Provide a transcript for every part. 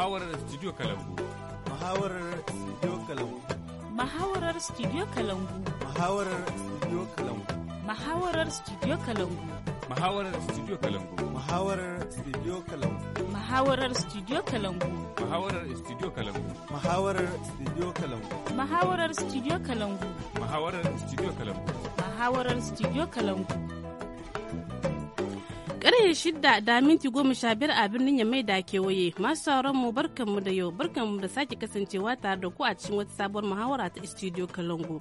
Muhawarar Studio kalangu. Muhawarar Studio kalangu. Muhawarar Studio kalangu. Muhawarar Studio kalangu. Muhawarar Studio kalangu. Muhawarar Studio kalangu. Muhawarar Studio kalangu. Muhawarar Studio kalangu. Muhawarar Studio kalangu. Muhawarar Studio kalangu. Muhawarar Studio kalangu. Muhawarar Studio kalangu. Muhawarar Studio kalangu. studio kalangu. Ƙarfe shida da minti goma sha biyar a birnin Yamai da kewaye masu sauran mu barkanmu da yau barkanmu da sake kasancewa tare da ku a cikin wata sabuwar muhawara ta Studio Kalangu.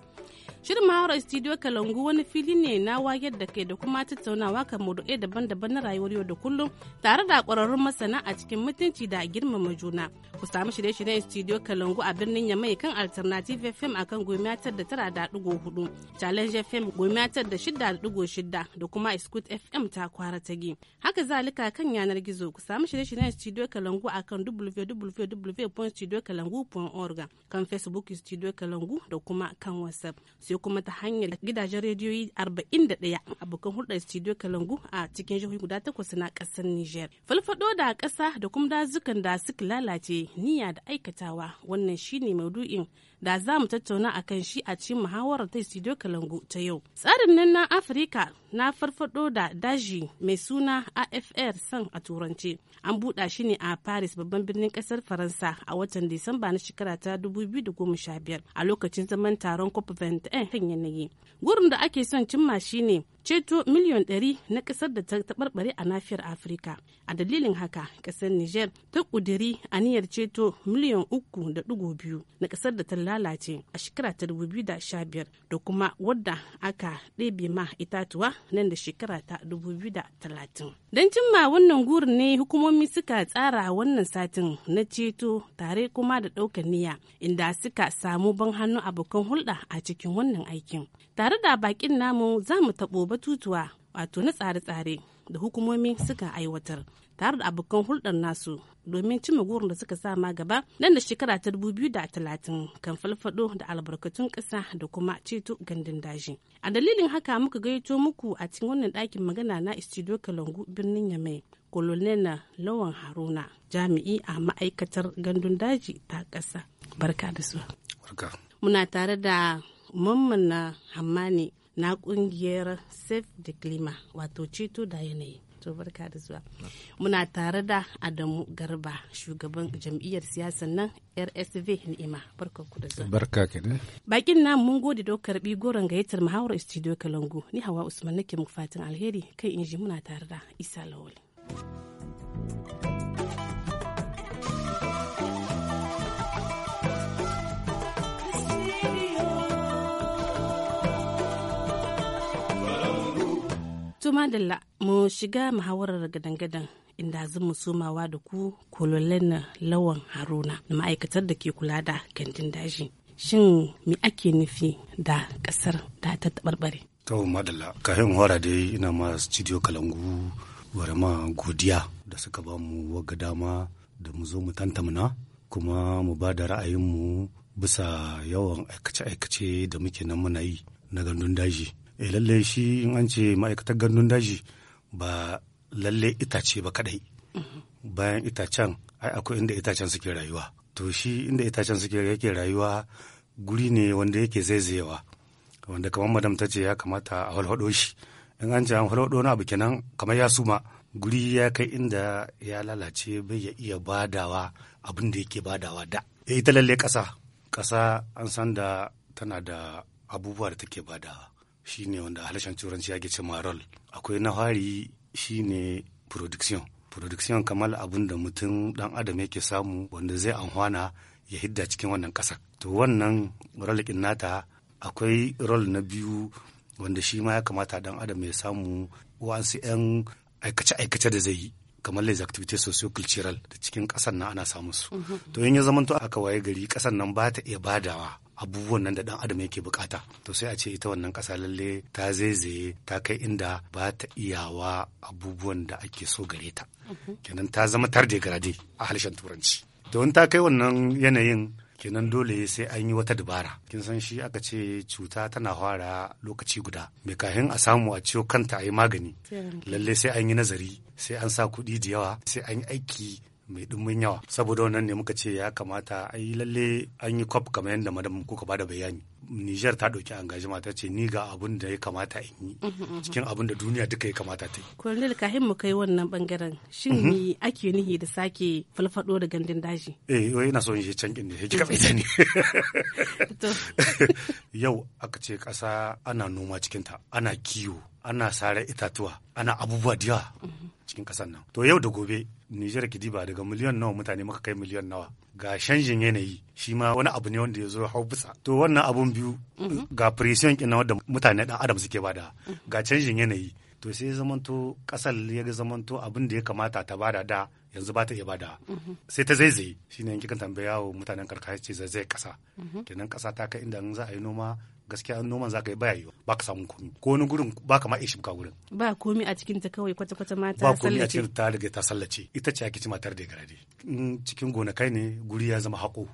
Shirin muhawarar Studio Kalangu wani fili ne na wayar da kai da kuma tattaunawa kan maudu'ai daban-daban na rayuwar yau da kullum tare da ƙwararrun masana a cikin mutunci da girmama juna. Ku samu shirye-shiryen Studio Kalangu a birnin Yamai kan Alternative FM akan goma da tara da ɗigo hudu, Challenge FM goma da shida da ɗigo shida da kuma Scoot FM ta kwara ta yi haka zalika kan yanar gizo ku samu shirye-shiryen studio kalangu a kan www.studiokalangu.org kan facebook studio kalangu da kuma kan whatsapp sai kuma ta hanyar gidajen rediyoyi 41 abokan hulɗar studio kalangu a cikin jihohi guda takwas na ƙasar niger falfado da ƙasa da kuma dazukan da suka lalace niyya da aikatawa wannan shine maudu'in da za mu tattauna a kan shi a cikin muhawarar ta studio kalangu ta yau tsarin nan na afirka na farfado da daji mai suna afr san a turance an buɗa shi ne a paris babban birnin ƙasar faransa a watan disamba na shekara ta 2015 a lokacin zaman taron cop 21 kan yanayi gurin da ake son cimma shine ceto miliyan 100 na kasar da ta tabarbare a nafiyar afirka a dalilin haka kasar niger ta a aniyar ceto miliyan 3.2 na kasar da ta lalace a shekara ta 2015 da kuma wadda aka ɗebe ma itatuwa nan da shekara ta 2030 don cimma wannan gurin ne hukumomi suka tsara wannan satin na ceto tare kuma da ɗaukar niyya inda suka samu ban hannu abokan hulɗa a cikin wannan aikin tare da bakin namu za mu taɓo batutuwa wato na tsare-tsare da hukumomi suka aiwatar tare da abokan hulɗar nasu domin cimma gurin da suka sama gaba nan da shekara ta talatin kan falfado da albarkatun ƙasa da kuma ceto gandun daji. A dalilin haka muka gaito muku a cikin wannan ɗakin magana na Istido Kalangu birnin Yamai. Kolonel Lawan Haruna jami'i a ma'aikatar gandun daji ta ƙasa. Barka da su. Muna tare da Mamman Hammani na kungiyar save the clima wato ceto da yanayi to barka da zuwa muna tare da adamu garba shugaban jam'iyyar siyasar nan rsv ni'ima barka ku da zuwa barka ki ne bakin nan mun gode da karbi goron gayyatar muhawar studio kalangu ni hawa usman nake muku fatan alheri kai inji muna tare da isa lawal To madalla mu shiga muhawarar gadan-gadan inda mu sumawa da ku na lawan haruna na ma'aikatar da ke kula da gandun daji. Shin me ake nufi da kasar da ta tabarbare. To madalla kafin wara dai ina ma studio kalangu ma godiya da suka ba mu waga dama da mu zo mu tantamna kuma mu ba da ra'ayinmu bisa yawan aikace-aikace da muke nan muna yi na gandun daji. e lalle shi in an ce ma'aikatar gandun daji ba lalle itace ba kadai mm-hmm. bayan itacen ai akwai inda itacen suke rayuwa to shi inda itacen suke yake rayuwa guri ne wanda yake zaizayewa wanda kamar madam ta ce ya kamata a walhado shi in an ce an walhado na abu kenan kamar ya suma guri ya kai inda ya lalace bai ya iya badawa abin da yake badawa da eh, ita lalle kasa kasa an san da tana da abubuwa da take badawa ne wanda harshen turanci ake ce rol akwai na fari shine production production kamar abin da mutum dan adam yake samu wanda zai amfana ya hidda cikin wannan ƙasa to wannan rol nata akwai rol na biyu wanda shi ma ya kamata dan adam ya samu wasu 'yan aikace-aikace da zai yi kamar les activités socio-cultural da cikin ƙasar nan ana samun su mm-hmm. to in ya zamanto aka waye gari ƙasar nan ba ta iya badawa abubuwan nan da dan adam yake bukata to sai a ce ita wannan ƙasa lalle ta zaizaye ta kai inda ba ta iyawa abubuwan da ake so gare ta kenan ta zama tarde garaje a harshen turanci to in ta kai wannan yanayin kenan dole sai an yi wata dabara kin san shi aka ce cuta tana fara lokaci guda mai kahin a samu a ciwo kanta a yi magani lalle sai an yi nazari sai an sa kuɗi da yawa sai an yi aiki mai dumin yawa saboda wannan ne muka ce ya kamata ai lalle an yi kwaf kamar yadda madam kuka bada bayani Niger ta ɗauki angajima ta ce ni ga abun da ya kamata in yi mm, mm, mm. cikin abun da duniya duka ya kamata ta yi. Colonel kahin mu kai wannan bangaren shin ni mm-hmm. ake nihi da sake falfado da gandun daji? Eh yau yana so yi can ne sai kika tsaye ni. Yau aka ce ƙasa ana noma cikin ta ana kiwo ana sare itatuwa ana abubuwa da yawa mm-hmm. cikin ƙasar nan. To yau da gobe Nijar Kidiba daga miliyan nawa mutane muka kai miliyan nawa ga canjin yanayi shi ma wani abu ne wanda ya zo hau bisa to wannan abun biyu mhm. ga presiyon kina wanda mutane dan adam suke bada mhm. ga canjin yanayi to sai zamanto kasar ya zamanto abin da ya kamata ta bada da yanzu ba ta iya bada mhm. sai ta zaizaye shine yanki kan tambaya wa mutanen karkashin ce zai kasa kenan kasa ta kai inda za a yi noma gaskiya noman zaka yi ba yiwu ba ka samun komi ko wani gurin ba ka ma iya shimka gurin ba komi a cikin ta kawai kwata kwata mata ba komi a cikin ta riga ta sallace ita ce ake ci matar da garade in cikin gonakai ne guri ya zama haƙo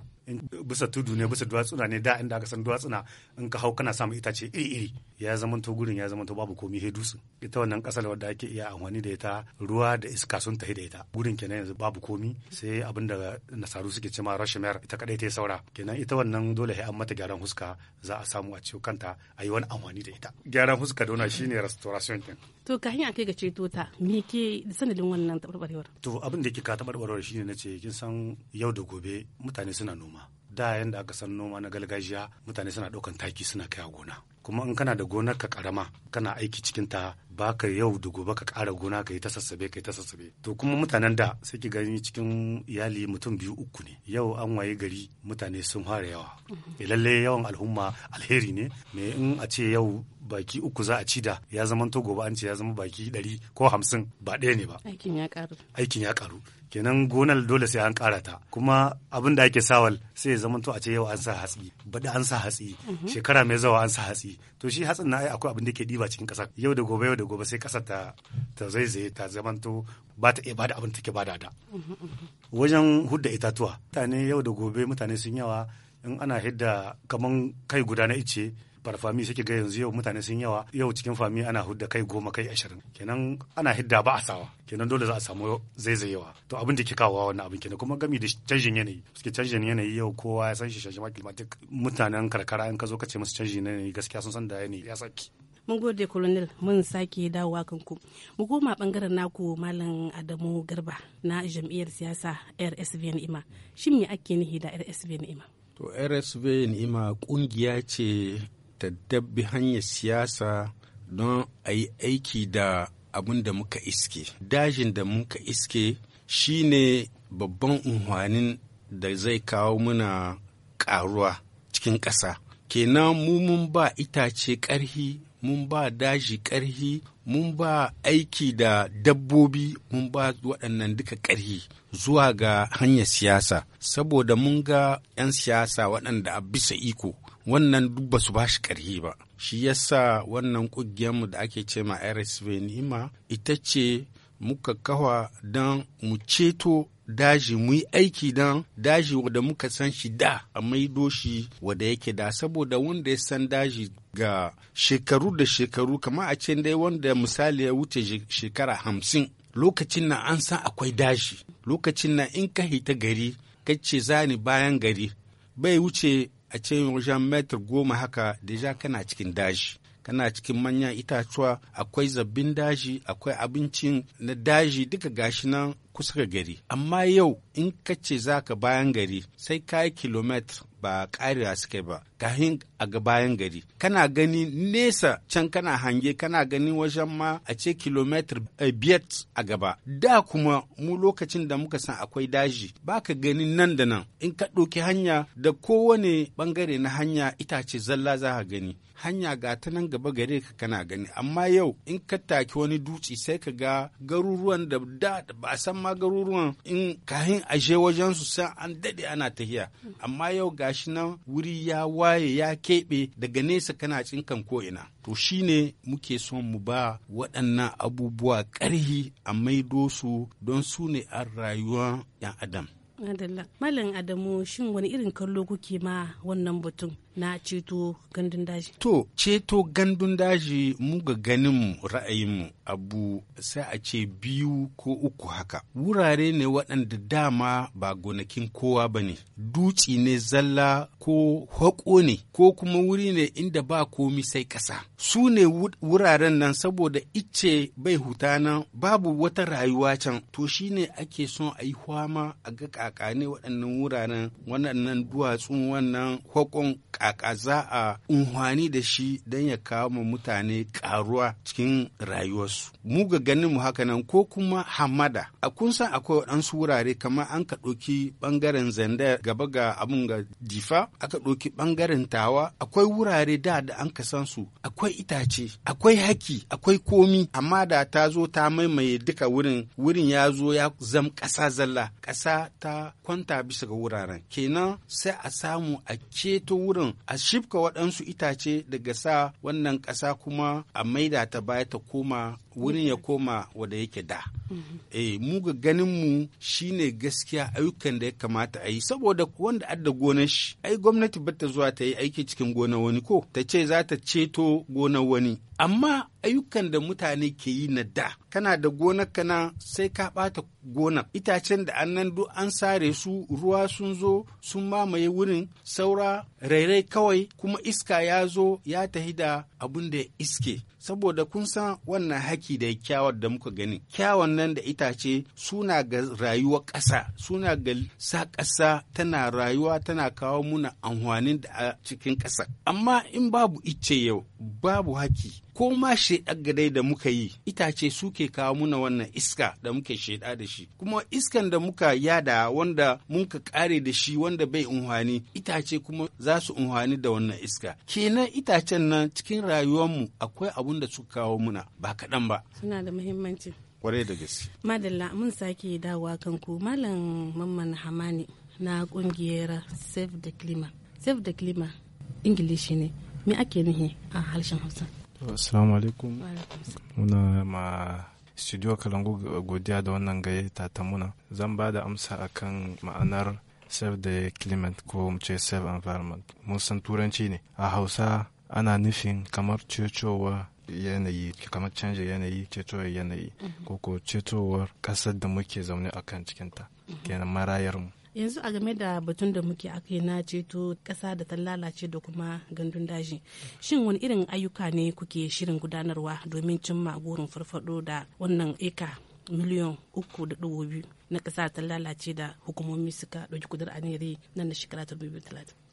bisa tudu ne bisa duwatsuna ne da inda aka san duwatsuna in ka hau kana samu itace iri-iri ya zama to gurin ya zama to babu komi he dusu. ita wannan kasar wadda ake iya amfani da ita ruwa da iska sun tafi da ita gurin kenan yanzu babu komi sai abin da nasaru suke cema rashimar ita kadai ta saura kenan ita wannan dole he an mata gyaran huska za a samu a ciwo kanta a yi wani amfani da ita gyaran huska dona shi shine restoration din to ka hanya kai ga ceto ta me ke sanadin wannan tabarbarewar to abin da kika ka tabarbarewar shine ce kin san yau da gobe mutane suna noma da yanda aka san noma na gargajiya mutane suna ɗaukan taki suna kai a gona kuma in kana da gonar ka karama kana aiki cikin ta baka yau da gobe ka ƙara gona ka yi ta sassabe ka yi ta sassabe to kuma mutanen da sai ki gani cikin iyali mutum biyu uku ne yau an waye gari mutane sun fara yawa mhm. eh, lalle yawan al'umma alheri ne me in a ce yau baki uku za a ci da ya zama to gobe an ce ya zama baki ɗari ko hamsin ba ɗaya ne ba aikin ya ƙaru aikin ya ƙaru kenan gonar dole sai an ƙara ta kuma abin da ake sawal sai ya zama to a ce yau an sa hatsi baɗi an sa hatsi mhm. shekara mai zawa an sa hatsi to shi hatsin na ai akwai abin da ke ɗiba cikin ƙasar yau da gobe yau da gobe sai ƙasar ta ta zaizaye ta zama to ba ta iya bada abin da take bada da mhm, mhm, wajen hudda itatuwa mutane yau da gobe mutane sun yawa in ana hidda kaman kai guda na ice farfami suke ga yanzu yau mutane sun yawa yau cikin fami ana hudda kai goma kai ashirin kenan ana hidda ba a sawa kenan dole za a samu zaizayewa to abin da ke kawo wannan abin kenan kuma gami da canjin yanayi suke canjin yanayi yau kowa ya san shi ma climatic mutanen karkara in ka zo ka ce musu canjin yanayi gaskiya sun san da yanayi ya saki mun gode colonel mun sake dawowa kanku mu koma bangaren naku malam adamu garba na jam'iyyar siyasa rsv ni'ima shin me ake nihi da rsv ni'ima to rsv ni'ima kungiya ce ta dabbi hanyar siyasa don a yi aiki da abin da muka iske dajin da muka iske shi ne babban unhwanin da zai kawo muna karuwa cikin ƙasa kenan mu mun ba itace ƙarhi mun ba daji ƙarhi mun ba aiki da dabbobi mun ba waɗannan duka ƙarhi zuwa ga hanyar siyasa saboda mun ga 'yan siyasa waɗanda a bisa iko wannan duk su ba shi ƙarhi ba shi yasa wannan ƙungiyarmu da ake ce ma rsv ni'ima ita ce muka kawa don mu ceto daji mu yi aiki don daji wanda muka san shi da a maido shi wanda yake da saboda wanda ya san daji ga shekaru da shekaru kama a ce dai wanda misali ya wuce shekara hamsin lokacin na an san akwai daji lokacin na in ka hita gari kace zani bayan gari bai wuce a ce wajen metar goma haka deja kana cikin daji kana cikin manyan itatuwa akwai zabbin daji akwai abincin na daji duka gashi nan kusa ga gari amma yau in ka ce za ka bayan gari sai ka yi kilometer ba ƙarewa suke ba kahin a bayan gari kana gani nesa can kana hange kana gani wajen ma a ce kilometer eh, biyar a gaba da kuma mu lokacin da muka san akwai daji baka gani nan da nan in ka ɗauki hanya da kowane bangare na hanya itace zalla za ka gani hanya ga ta nan gaba gare ka kana gani amma yau in ka taki wani dutse sai ka ga garuruwan da da ba san ma garuruwan in kahin aje wajen su san an dade ana tahiya amma yau gashi nan wuri ya waye waye ya keɓe daga nesa kana cinkan ko'ina to shi ne muke son mu ba waɗannan abubuwa ƙarhi a maido su don su ne a rayuwar 'yan adam Adalla. Malam Adamu shin wani irin kallo kuke ma wannan batun na ceto gandun daji? To, ceto gandun daji mu ga ra'ayinmu abu sai a ce biyu ko uku haka wurare ne waɗanda dama ba gonakin kowa ba ne dutsi ne zalla ko haƙo ne ko kuma wuri ne inda ba komi sai ƙasa su ne wuraren nan saboda icce bai huta nan babu wata rayuwa can to shi ne ake son a yi hwama a ga ne waɗannan wuraren waɗannan duwatsun wannan haƙon ƙaƙa za a unhwani da shi don ya kawo mutane ƙaruwa cikin rayuwarsu su mu ga ganin mu haka nan ko kuma hamada a kun san akwai waɗansu wurare kamar an ka ɗoki ɓangaren zanda gaba ga abun ga difa aka ɗauki ɓangaren tawa akwai wurare da da an ka san su akwai itace akwai haki akwai komi amma da ta zo ta maimaye duka wurin wurin ya zo ya zam ƙasa zalla ƙasa ta kwanta bisa ga wuraren kenan sai a samu a ceto wurin a shifka waɗansu itace daga sa wannan ƙasa kuma a maida ta baya ta koma wurin ya koma wada yake da eh mu ga ganin mu shine gaskiya ayyukan da ya kamata a yi saboda wanda adda gonar shi ai gwamnati bata zuwa ta yi aiki cikin gonar wani ko ta ce za ta ceto gonar wani amma ayyukan da mutane ke yi na da kana da gonar kana sai ka ɓata gonar itacen da annan duk an sare su ruwa sun zo sun mamaye wurin saura rairai kawai kuma iska ya zo ya tahi da abin da iske saboda kun san wannan haki da kyawar da muka gani kyawun nan da itace suna ga rayuwar ƙasa suna ga sa ƙasa tana rayuwa tana kawo muna amfanin da a cikin ƙasa amma in babu ice yau babu haki ko ma sheɗar gadai da muka yi itace suke kawo muna wannan iska da muke shaida da shi kuma iskan da muka yada wanda muka ka kare da shi wanda bai unhwani itace kuma za su unhwani da wannan iska kenan itacen nan cikin rayuwarmu akwai abun da suka kawo muna ba kaɗan ba suna da muhimmanci kwarai da gaske madalla mun sake dawowa kanku malam mamman hamani na kungiyar save the climate save the climate ingilishi ne me ake nihi a harshen hausa Assalamu alaikum. Muna ma studio Kalangu godiya da wannan gaye ta muna. Zan ba da amsa akan ma'anar save the climate ko mu ce save environment. Mun san turanci ne. A Hausa ana nufin kamar cecowa yanayi kamar canja yanayi cecowar yanayi mhm. ko ko cecowar kasar da muke zaune akan cikinta mhm. kenan marayar mu yanzu a game da batun da muke aka na ceto ƙasa da ta lalace da kuma gandun daji shin wani irin ayyuka ne kuke shirin gudanarwa domin cimma gurin farfado da wannan eka miliyan uku da dubu biyu na ƙasa ta lalace da hukumomi suka ɗauki kudur aniyari nan da shekara ta dubu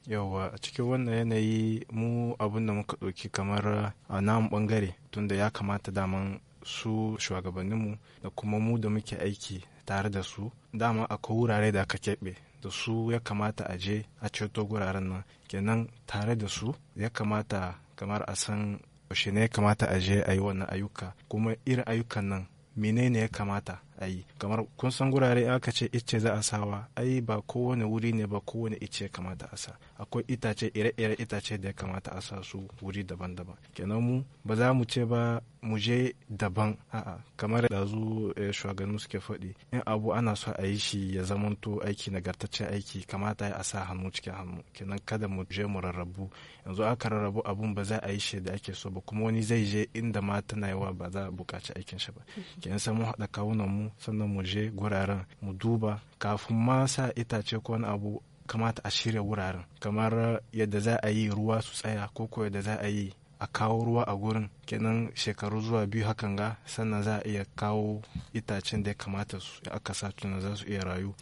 yauwa a cikin wannan yanayi mu abun da muka ɗauki kamar a namun ɓangare tunda ya kamata daman su shugabanninmu da kuma mu da muke aiki tare da su dama akwai wurare da aka keɓe da su ya kamata a je a ceto guraren nan kenan tare da su ya kamata kamar a san yaushe ne ya kamata a je a yi wannan ayyuka kuma irin ayyukan nan menene ya kamata a yi kamar kun san gurare aka ce icce za a sawa ai ba kowane wuri ne ba kowane icce kamata a sa akwai itace ire-ire itace da ya kamata a sa su wuri daban-daban kenan mu ba za mu ce ba mu je daban a'a kamar da zu eh, shugabannin suke faɗi in abu ana so a yi shi ya zamanto aiki nagartaccen aiki kamata a sa hannu cikin hannu kenan kada mu je mu rarrabu yanzu aka rarrabu abun ba za a yi shi da ake so ba kuma wani zai je inda ma tana yawa ba za a buƙaci aikin shi ba kenan sai mu haɗa kawunan mu sannan mu je guraren mu duba kafin ma sa itace ko wani abu kamata a shirya wuraren kamar yadda za a yi ruwa su tsaya ko ko yadda za a yi a kawo ruwa a gurin kenan shekaru zuwa biyu hakan ga sannan za a iya kawo itacen da ya kamata su aka sa tuna za su iya rayu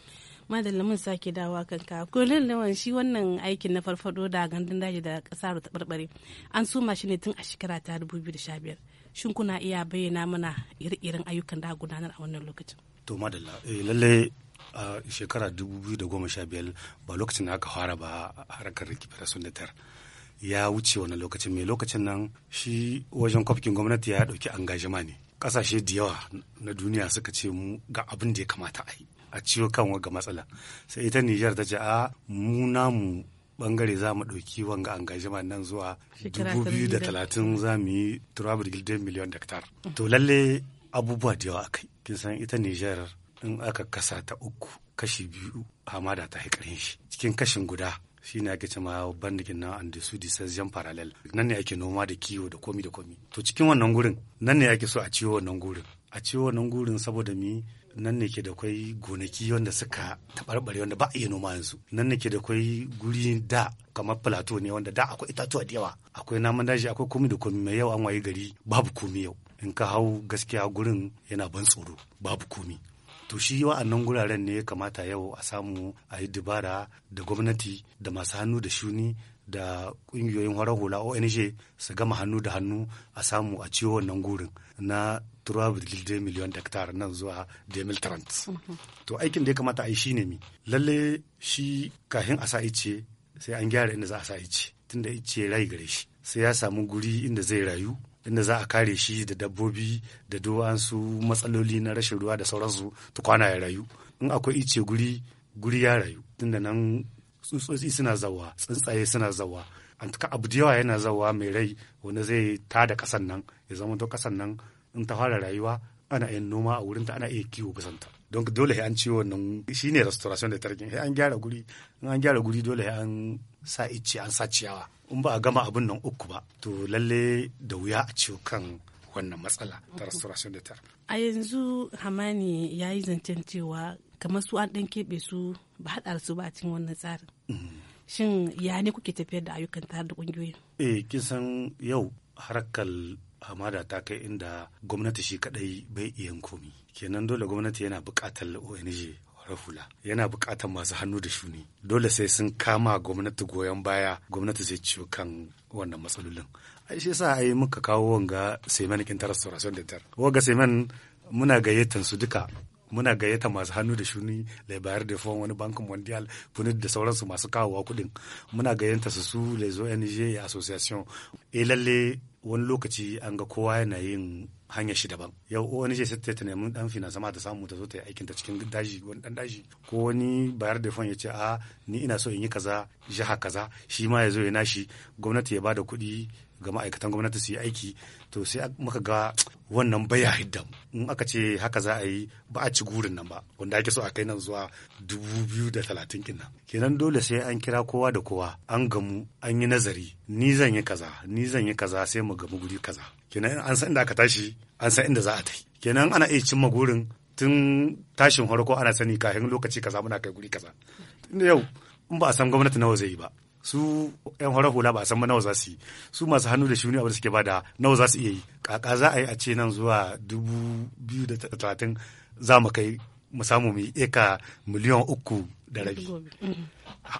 madalla mun sake dawa ka ko lallawan shi wannan aikin na farfado da gandun daji da kasar ta barbare an suma shi ne tun a shekara ta 2015 shin kuna iya bayyana mana ire-iren ayyukan da gudanar a wannan lokacin to madalla eh, lalle a shekara 2015 ba lokacin da aka fara ba harkar recuperation da ya wuce wannan lokacin mai lokacin nan shi wajen kwafkin gwamnati ya dauki angajima ne kasashe da yawa na duniya suka ce mu ga abin da ya kamata a yi a ciwo kan ga matsala sai ita nijar ta ce a mu namu bangare za mu ɗauki wanga engagement nan zuwa 2030 za mu yi turabur gildin miliyan daktar. To lalle abubuwa da yawa akai. Kin san ita Nijar in aka kasa ta uku kashi biyu hamada ta haikarin shi. Cikin kashin guda shi ne ake cewa bandikin na and su disassion parallel. Nan ne ake noma da kiwo da komi da komi. To cikin wannan gurin nan ne ake so a ciwo wannan gurin. A ciwo wannan gurin saboda mi nan ne ke da kwai gonaki wanda suka taɓarɓare wanda ba a iya noma yanzu nan ne ke da kwai guri da kamar plateau ne wanda da akwai itatuwa da yawa akwai namun daji akwai komi da komi mai yau an waye gari babu komi yau in ka hau gaskiya gurin yana ban tsoro babu komi to shi wa'annan guraren ne ya kamata yau a samu a yi dubara da gwamnati da masu hannu da shuni da kungiyoyin horar hula ONG su gama hannu da hannu a samu a ciwo wannan gurin na turabu gilde miliyon daktar nan zuwa trans mhm. To aikin da ya kamata a yi shine mi. Lalle shi kafin a sa ice sai an gyara inda za a sa ice tunda ice rai gare shi sai ya samu guri inda zai rayu inda za a kare shi da dabbobi da duwansu matsaloli na rashin ruwa da sauransu ta ya rayu in akwai ice guri guri ya rayu tunda nan tsutsotsi suna zawa tsuntsaye suna zawa an abu da yawa yana zawa mai rai wanda zai ta da kasan nan ya zama to kasan nan in ta fara rayuwa ana yin noma a wurinta ana iya kiwo gusanta. don dole an ci wannan shine restoration da tarkin an gyara guri in an gyara guri dole an sa icce an sa ciyawa in ba a gama abin nan uku ba to lalle da wuya a ciwo kan wannan matsala ta restoration da tar. A yanzu Hamani ya yi zancen cewa kamar su an ɗan keɓe su ba haɗa su ba a cikin wannan tsarin. shin ya ne kuke tafiyar da ayyukan tare da kungiyoyin eh kin san yau harkar hamada ta kai inda gwamnati shi kadai bai iya komi kenan dole gwamnati yana buƙatar ONG hula yana buƙatar masu hannu da shuni dole sai sun kama gwamnati goyon baya gwamnati zai ciwo kan wannan matsalolin a shi yasa a yi muka kawo wanga semen kintar restoration da tar wanga semen muna gayyatan su duka muna gayyata masu hannu da shuni labarai da fon wani bankin mondial punit da sauransu masu kawowa kuɗin muna gayyanta su su les ong association e eh, lalle wani lokaci an ga kowa yana yin hanyar shi daban yau wani ce sai ta nemi dan fina sama ta samu ta zo ta yi aikin ta cikin daji wani dan daji ko wani bayar da fon ya ce a ni ina so in yi kaza jiha kaza shi ma ya zo ya nashi gwamnati ya bada kuɗi ga ma'aikatan gwamnati su yi aiki to sai muka ga wannan baya hidda in aka ce haka za a yi ba a ci gurin nan ba wanda ake so a kai nan zuwa dubu biyu da talatin kenan dole sai an kira kowa da kowa an gamu an yi nazari ni zan yi kaza ni zan yi kaza sai mu gamu guri kaza kenan an san inda aka tashi an san inda za a tai kenan ana iya cimma gurin tun tashin farko ana sani kafin lokaci kaza muna kai guri kaza yau in ba a san gwamnati nawa zai yi ba su yan horar hula ba a san ba nawa za su yi su masu hannu da shuni abin da suke bada nawa za su iya yi kaka za a yi a ce nan zuwa dubu biyu da talatin za mu kai mu samu mu yi eka miliyan uku da rabi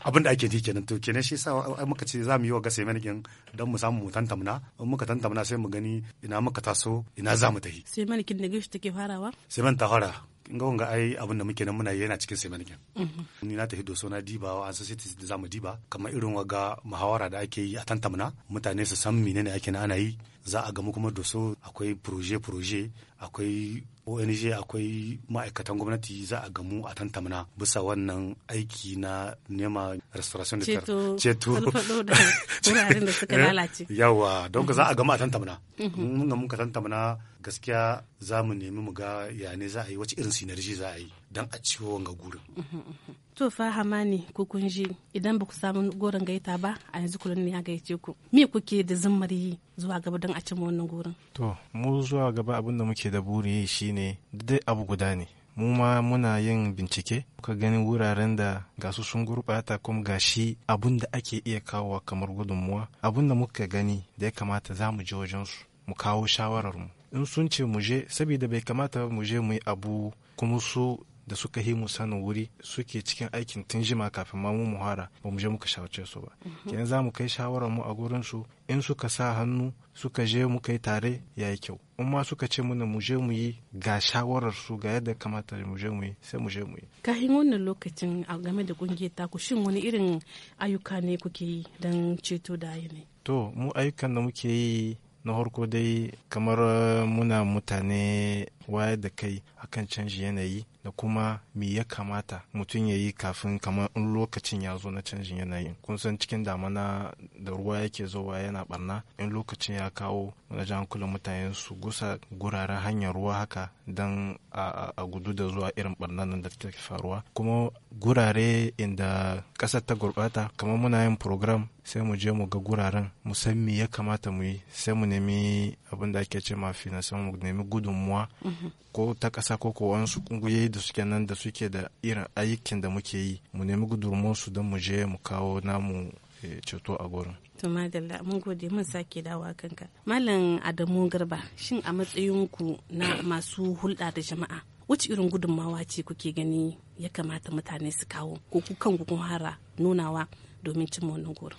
abin da ake ji kenan to kenan shi sa muka ce za mu yi wa gasa mai don mu samu mu tantamna in muka tantamna sai mu gani ina muka taso ina za mu tafi sai mai da gishi take farawa sai man ta fara in ga wanga ai abin da muke nan muna yana cikin sai mai mhm. ni na tafi doso na diba wa an society da za mu diba kamar irin waga muhawara da ake yi a tantamna mutane su san menene ake na ana yi za a gamu kuma doso akwai proje-proje akwai ong akwai ma'aikatan gwamnati za a gamu a tantamna bisa wannan aiki na nema restoration da ceto ceto wuraren da suka eh? lalace yawa don za a gama a tantamna mhm. mun ga mun ka tantamna gaskiya za mu nemi mu ga ya ne za a yi wace irin sinarji za a yi don a ciwo wanga gurin mhm, mhm, to fa hamani ku kun ji idan ba ku samu goron gaita ba a yanzu kullun ne ya gaice ku me kuke da zummar yi zuwa gaba dan a cimma wannan gurin to mu zuwa gaba abin da muke da buri shine duk abu guda ne mu ma muna yin bincike muka gani wuraren da gasu sun gurɓata kuma gashi abun da ake iya kawowa kamar gudunmuwa abun da muka gani da ya kamata za mu je su mu kawo shawararmu in sun ce mu je saboda bai kamata mu je mu yi abu kuma su da suka himu sanin wuri suke cikin aikin tun jima kafin ma mu muhara ba mu je muka shawarce su ba mhm. kenan za mu kai shawarar mu a gurin su in suka sa hannu suka je mu kai tare ya yi kyau in ma suka ce mana mu je mu yi ga shawarar su ga yadda kamata mu je mu yi sai mu je mu yi kafin wannan lokacin a game da kungiyar taku shin wani irin ayyuka ne kuke yi don ceto da ne. to mu ayyukan da muke yi na harko dai kamar muna mutane wayar da kai akan canji yanayi da kuma me ya kamata mutum ya yi kafin kamar in lokacin ya zo na canjin yanayi kun san cikin damana da ruwa yake zowa yana barna in lokacin ya kawo wajen kula mutane su gusa guraren hanyar ruwa haka don a gudu da zuwa irin barna nan da take faruwa kuma gurare inda ƙasar ta gurɓata kamar muna yin program sai mu je mu ga guraren mu san me ya kamata mu yi sai mu nemi abin da ake ce mafi na sai mu nemi gudunmuwa mm-hmm. ko ta ƙasa ko ko wasu ƙungiyoyi da suke nan da suke da irin ayyukan da muke yi mu nemi gudunmuwarsu don mu je mu kawo namu eh, ceto a gurin. To madalla mun gode mun sake dawa kanka. Malam Adamu Garba shin a matsayin ku na masu hulɗa da jama'a wace irin gudunmawa ce kuke gani ya kamata mutane su kawo ko ku kan kun hara nunawa domin cin wannan gurin.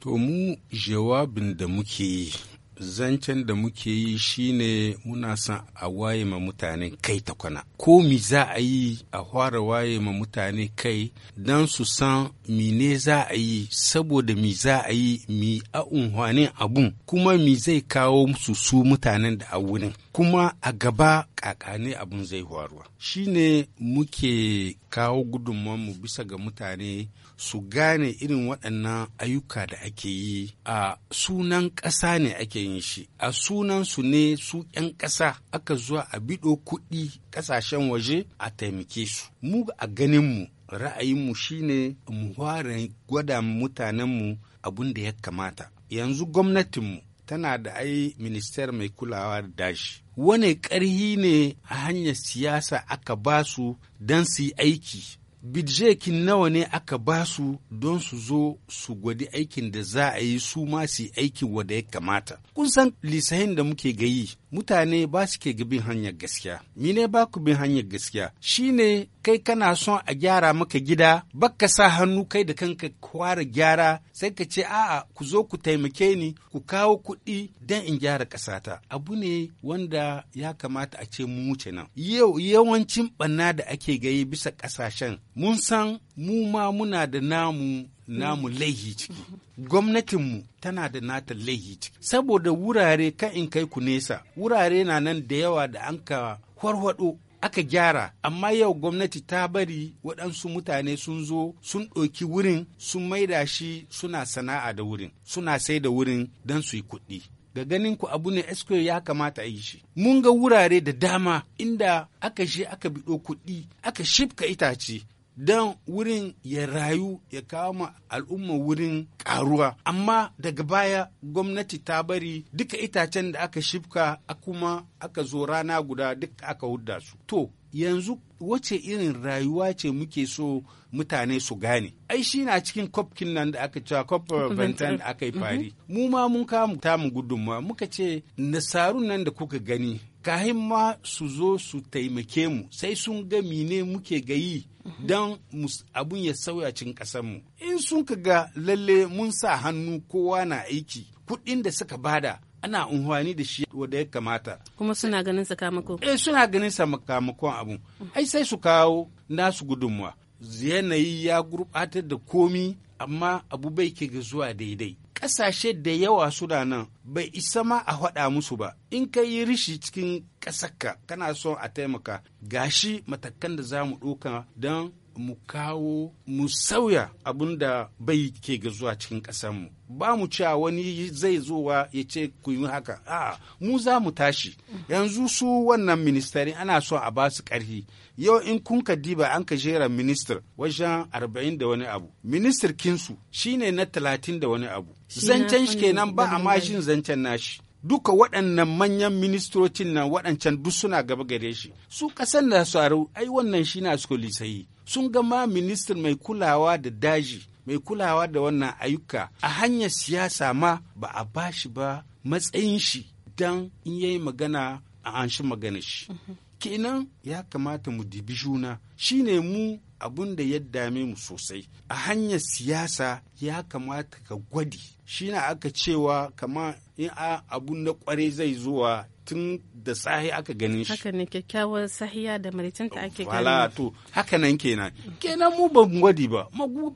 To mu jawabin da muke yi zancen da muke yi shine muna son a waye ma mutane kai ta kwana ko mi za a yi a fara waye ma mutane kai don su san mi ne za a yi saboda mi za a yi mi a unhwane abun kuma mi zai kawo su su mutanen da a wurin kuma a gaba kakane abun zai faruwa shine muke kawo mu bisa ga mutane su gane irin waɗannan ayyuka da ake yi a sunan ƙasa ne ake yin shi a sunan su ne su ƴan ƙasa aka zuwa a biɗo kuɗi ƙasashen waje a taimake su mu a ganinmu ra'ayinmu shine mu ware gwada mutanenmu abun da ya kamata yanzu gwamnatinmu tana da ai minister mai kulawa da dashi wane ƙarhi ne a hanyar siyasa aka ba su don su yi aiki bijekin nawa ne aka ba su don su zo su gwadi aikin da za a yi su ma su aikin wada ya kamata. Kun san lisahin da muke gayi mutane ba su ke gabin hanyar gaskiya. Mine ba ku bin hanyar gaskiya shine kai kana son a gyara maka gida baka sa hannu kai da kanka kwara gyara sai ka ce a'a ku zo ku taimake ni ku kawo kuɗi don in gyara ƙasata abu ne wanda ya kamata a ce mu wuce nan yau yawancin ɓanna da ake gayi bisa ƙasashen mun san mu ma muna da namu namu laihi ciki gwamnatinmu tana da nata laihi ciki saboda wurare ka in kai ku nesa wurare na nan da yawa da an ka warwado aka gyara amma yau gwamnati ta bari waɗansu mutane sun zo sun ɗoki wurin sun maida shi suna sana'a da wurin suna sai da wurin don su yi kuɗi ga ganin ku abu ne esquire ya kamata a yi shi mun ga wurare da dama inda aka je aka biɗo kuɗi aka shifka itace don wurin ya rayu ya kawo ma al'umma wurin karuwa amma daga baya gwamnati ta bari duka itacen da aka shifka a kuma aka zo rana guda duka aka hudda su to yanzu wace irin rayuwa ce muke so mutane su gane ai shi na cikin kofkin nan da aka cewa kop da eh, aka yi mm-hmm. fari mu ma mun kama ta mu gudunmu muka ce nasarun nan da kuka gani kahin ma su zo su taimake mu sai sun ga mine muke gayi mm-hmm. don abun ya sauya cikin ƙasarmu in sun ka ga lalle mun sa hannu kowa na aiki kuɗin da suka bada ana unhwani da shi wadda ya kamata. Kuma suna ganin sakamako? Eh suna ganin sakamakon abu. Ai sai su kawo nasu gudunmuwa. Yanayi ya gurɓatar da komi amma abu bai ke ga zuwa daidai. Ƙasashe da yawa suna nan bai isa ma a haɗa musu ba. In ka yi rishi cikin ƙasarka kana son a taimaka gashi matakan da za mu ɗauka don mu kawo mu sauya abin da bai ke ga zuwa cikin ƙasarmu ba mu cewa wani zai zo wa ya ce ku yi haka a mu za mu tashi yanzu su wannan ministari ana so a ba su ƙarfi yau in kun ka diba an ka jera minister wajen arba'in da wani abu minister kinsu shine na talatin da wani abu zancen shi kenan ba a mashin zancen nashi duka waɗannan manyan ministrocin nan waɗancan duk suna gaba gare shi su ƙasar da su ai wannan shi na su lisayi sun ga ma ministan mai kulawa da daji mai kulawa da wannan ayyuka a hanyar siyasa ma ba a ba shi ba matsayin shi don in yayi magana a an shi magana shi kenan ya kamata mu dibi juna shine mu abun da ya dame mu sosai a hanyar siyasa ya kamata ka gwadi shi na aka cewa kama in abu abun na kware zai zuwa tun da sahi aka ganin shi haka ne kyakkyawar sahiya da maricinta ake ganin wala to haka nan kenan kenan mu ba mu gwadi ba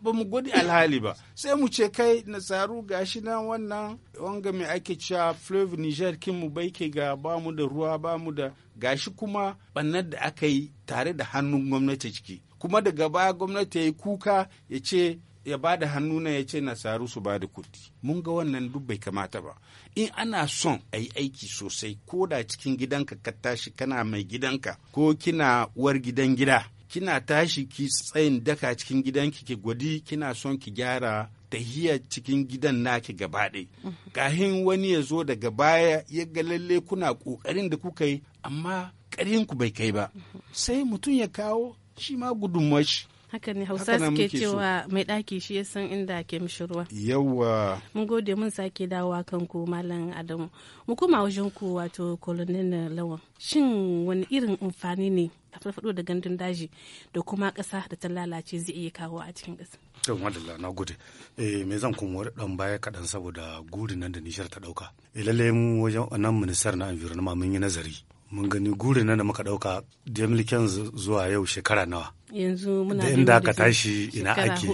ba mu gwadi alhali ba sai mu ce kai nasaru gashi nan wannan wanga mai ake cewa flav niger kin mu baike ga ba mu da ruwa ba mu da gashi kuma bannar da aka yi tare da hannun gwamnati ciki kuma daga baya gwamnati ya yi kuka ya ce ya ba da hannu na ya ce nasaru su ba da kuɗi mun ga wannan duk bai kamata ba in ana son a yi aiki sosai ko da cikin gidanka ka tashi kana mai gidanka ko kina uwar gidan gida kina tashi ki tsayin daka cikin gidanki ki gwadi kina son ki gyara tahiya cikin gidan naki gaba ɗaya mhm. kahin wani ya zo daga baya ya ga lalle kuna ƙoƙarin da kuka yi amma ƙarinku bai kai ba mhm. sai mutum ya kawo shi ma gudunmashi haka ne hausa suke cewa mai ɗaki shi ya san inda ke mishirwa ruwa yawa mun gode mun sake dawowa kan ku malam adamu mu koma wajen ku wato kolonel lawan shin wani irin amfani ne a farfado da gandun daji da kuma ƙasa da ta lalace zai iya kawo a cikin ƙasa kan wadalla na gode eh me zan kuma wani dan baya kaɗan saboda gurin nan da nishar ta ɗauka eh lalle mu wajen nan ministar na environment mun yi nazari mun gani gurin nan da muka ɗauka 2015 zuwa yau shekara nawa yanzu muna da inda aka tashi ina ake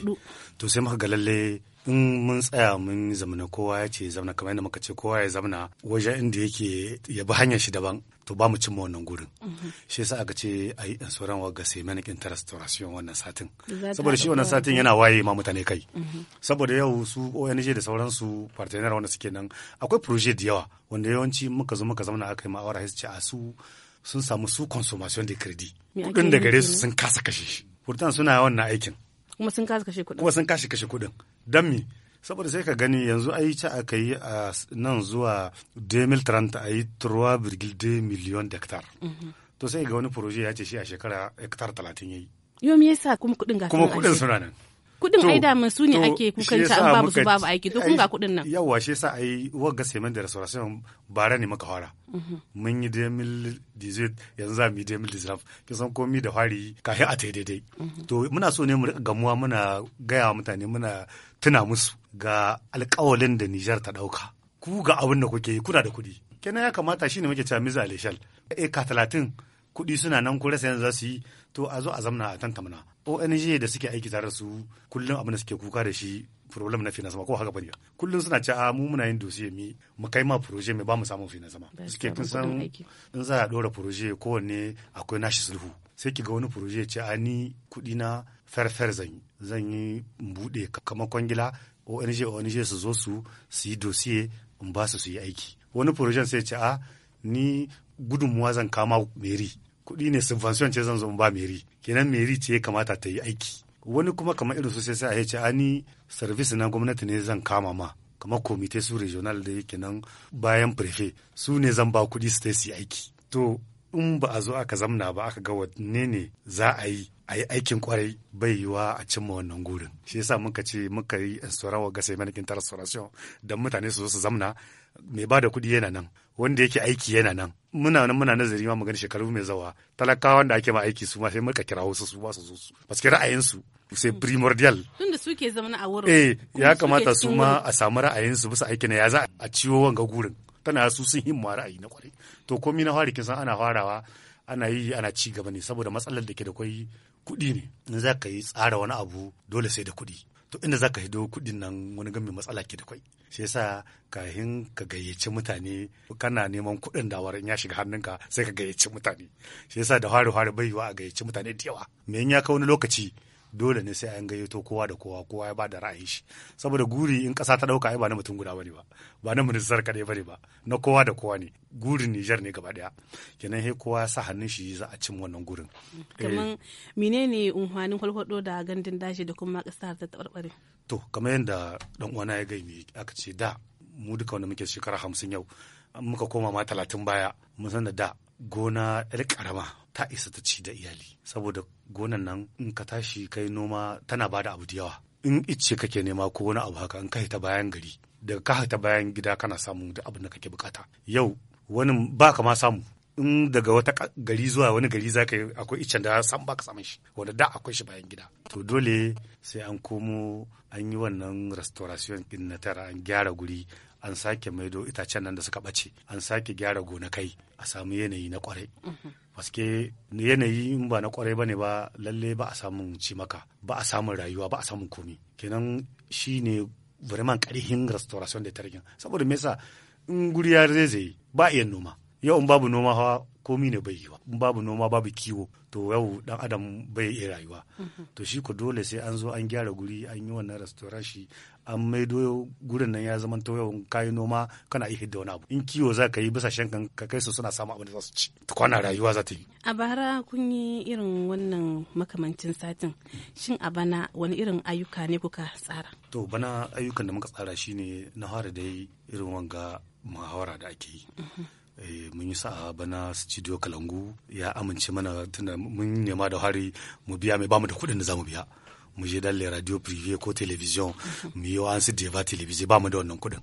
to sai muka ga lalle in mun tsaya mun zamana kowa ya ce zamana kamar yadda muka ce kowa ya zamana wajen inda yake ya bi hanyar shi daban to ba mu cimma wannan gurin mhm. shi yasa aka ce a yi sauran wa ga semenic interest wannan satin saboda shi wannan satin yana waye ma mutane kai mhm. saboda yau su ONG da sauransu partner wanda suke nan akwai project da yawa wanda yawanci muka zo muka zamana aka yi ma'awar ce a su sun samu su consommation de credit kudin da gare su sun kasa kashe shi furtan suna wannan aikin kuma sun kasa kashe kudin kuma sun kashe kashe kudin dan mi saboda sai ka gani yanzu ai ci aka yi a nan zuwa 2030 a yi 3,2 miliyon da hectare to sai ga wani proje ya ce shi a shekara hectare 30 yayi yo me yasa kuma kudin ga kuma kudin suna nan kudin ai da su ne ake kukan ta an babu su babu aiki to kun ga kudin nan yawa shi yasa ai wagga semen da restauration bara ne muka fara mhm. mun yi 2018 yanzu za mu yi 2019 kin san komi da fari kahi a tai daidai mhm. to muna so ne mu rika gamuwa muna gaya mutane muna tuna musu ga alƙawalin da Nijar ta dauka ku ga abin da kuke yi kuna da kuɗi kenan ya kamata shine muke cewa mizalishal eka talatin kuɗi suna nan ko rasa yanzu za su yi to a zo a zamna a tantamna ONG da suke aiki tare da su kullum abin da suke kuka da shi problem na finance ko haka bane kullum suna cewa ah, mu muna yin dosiye mi mu kai ma projet mai ba mu samun finance ma suke kin san in za a dora projet kowanne akwai nashi sulhu sai ki ga wani projet ce a ah, ni kuɗi na farfar zan yi zan yi buɗe kamar kwangila ONG ONG su zo su su yi dosiye in ba su su yi aiki wani projet sai ce a ah, ni gudunmuwa zan kama meri kuɗi ne subvention ce zan zo ba meri kenan meri ce ya kamata ta yi aiki wani kuma kamar irin su sai a ce ani service na gwamnati ne zan kama ma kamar komite su regional da yake nan bayan prefe su ne zan ba kuɗi su ta yi aiki to in ba a zo aka zamna ba aka ga wanne ne za a yi a yi aikin kwarai bai yiwa a cimma wannan gurin shi yasa muka ce muka yi instaurawa ga sai manakin da mutane su zo su zamna mai ba da kuɗi yana nan wanda yake aiki yana nan muna nan muna nazari ma magana shekaru mai zawa talakawa da ake ma aiki su ma sai muka kira wasu su ba su zo su paske ra'ayin su sai primordial tunda suke zamana a wurin eh ya kamata su ma a samu ra'ayin su bisa aikin ya za a ciwo wanga gurin tana su sun himma ra'ayi na kwarai to komi na fari kinsan ana farawa ana yi ana ci gaba ne saboda matsalar da ke da kwai kuɗi ne in za ka yi tsara wani abu dole sai da kuɗi to inda za ka hido kuɗin nan wani gami matsala ke da kwai Sai yasa kahin ka gayyaci mutane kana neman kuɗin da in ya shiga hannunka sai ka gayyaci mutane Sai yasa da fari fari bai yiwa a gayyaci mutane da yawa me in ya kai wani lokaci dole ne sai an gayyato kowa da kowa kowa ya ba da ra'ayin shi saboda guri in kasa ta ɗauka ai ba na mutum guda bane ba ba na ministar kadai bane ba na kowa da kowa ne gurin Nijar ne gaba daya kenan sai kowa ya sa hannun shi za a cin wannan gurin. Kaman eh. menene unhwanin kwalkwado da gandun dashi da kuma kasa ta tabarbare To kamar yadda dan uwana ya gaimi aka ce da mu duka wanda muke shekara hamsin yau muka koma ma talatin baya mun san da da gona yar karama ta isa ta ci da iyali saboda gonan nan in ka tashi kai noma tana bada abu da yawa in ice kake nema ko wani abu haka in ka ta bayan gari daga ka ta bayan gida kana samun da abin da kake bukata yau wani ba ka ma samu in daga wata gari zuwa wani gari za ka yi akwai icen da san ka samun shi wanda da akwai shi bayan gida to dole sai an komo an yi wannan restoration din na tara an gyara guri an sake maido itacen nan da suka ɓace an sake gyara gonakai a samu yanayi na kwarai waske mhm. yanayi in ba na kwarai bane ba lalle ba a samun cimaka ba a samun rayuwa ba a samun komi kenan shi ne vraiment karihin restoration da targin saboda me yasa in guri ya zai ba iya noma yau in babu noma hawa komi ne bai yi ba babu noma babu kiwo to yau dan adam bai iya rayuwa mhm. to shi ko dole sai an zo an gyara guri an yi wannan restoran shi an maido gurin nan ya zama to yau kayi noma kana iya hidda wani abu in kiwo za ka yi bisa shankan ka kai su suna samu abin da za su ci kwana rayuwa za ta yi a bara kun yi irin wannan makamancin satin shin a bana wani irin ayyuka ne kuka tsara to bana ayyukan da muka tsara shine na fara da irin wanga muhawara da ake yi mhm. Eh, mun yi sa'a bana studio kalangu ya amince mana tunda mun nema da hari mu biya mai bamu da kuɗin da za mu biya mu je dalle radio privé ko television mu yi wa an su deva television ba mu da wannan kuɗin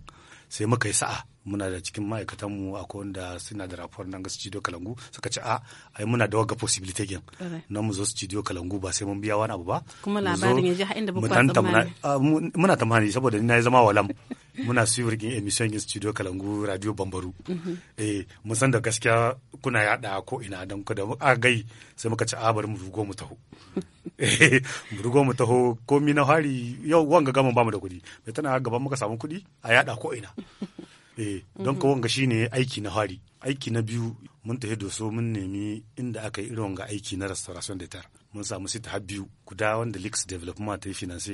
sai muka yi sa'a muna da cikin ma'aikatanmu akwai wanda suna da rafuwar nan ga studio kalangu suka ce a ai muna da waga possibility gin na mu zo studio kalangu ba sai mun biya wani abu ba kuma labarin ya ji inda ba tsammani ah, muna tamani saboda ni na zama walam muna siwirgin emission gin studio kalangu radio bambaru mhm. eh mun san da gaskiya kuna yada ko ina dan ku da a gai sai muka ci a bari mu rugo mu taho eh, mu rugo mu taho komi na hari yau wanga gaman bamu da kuɗi mai tana gaban muka samu kuɗi a yada ko ina eh mhm. don ka wanga shine aiki na hari aiki na biyu mun tafi doso mun nemi inda aka yi irin wanga aiki na restoration da tar mun samu sita har biyu guda wanda leaks development ta yi finance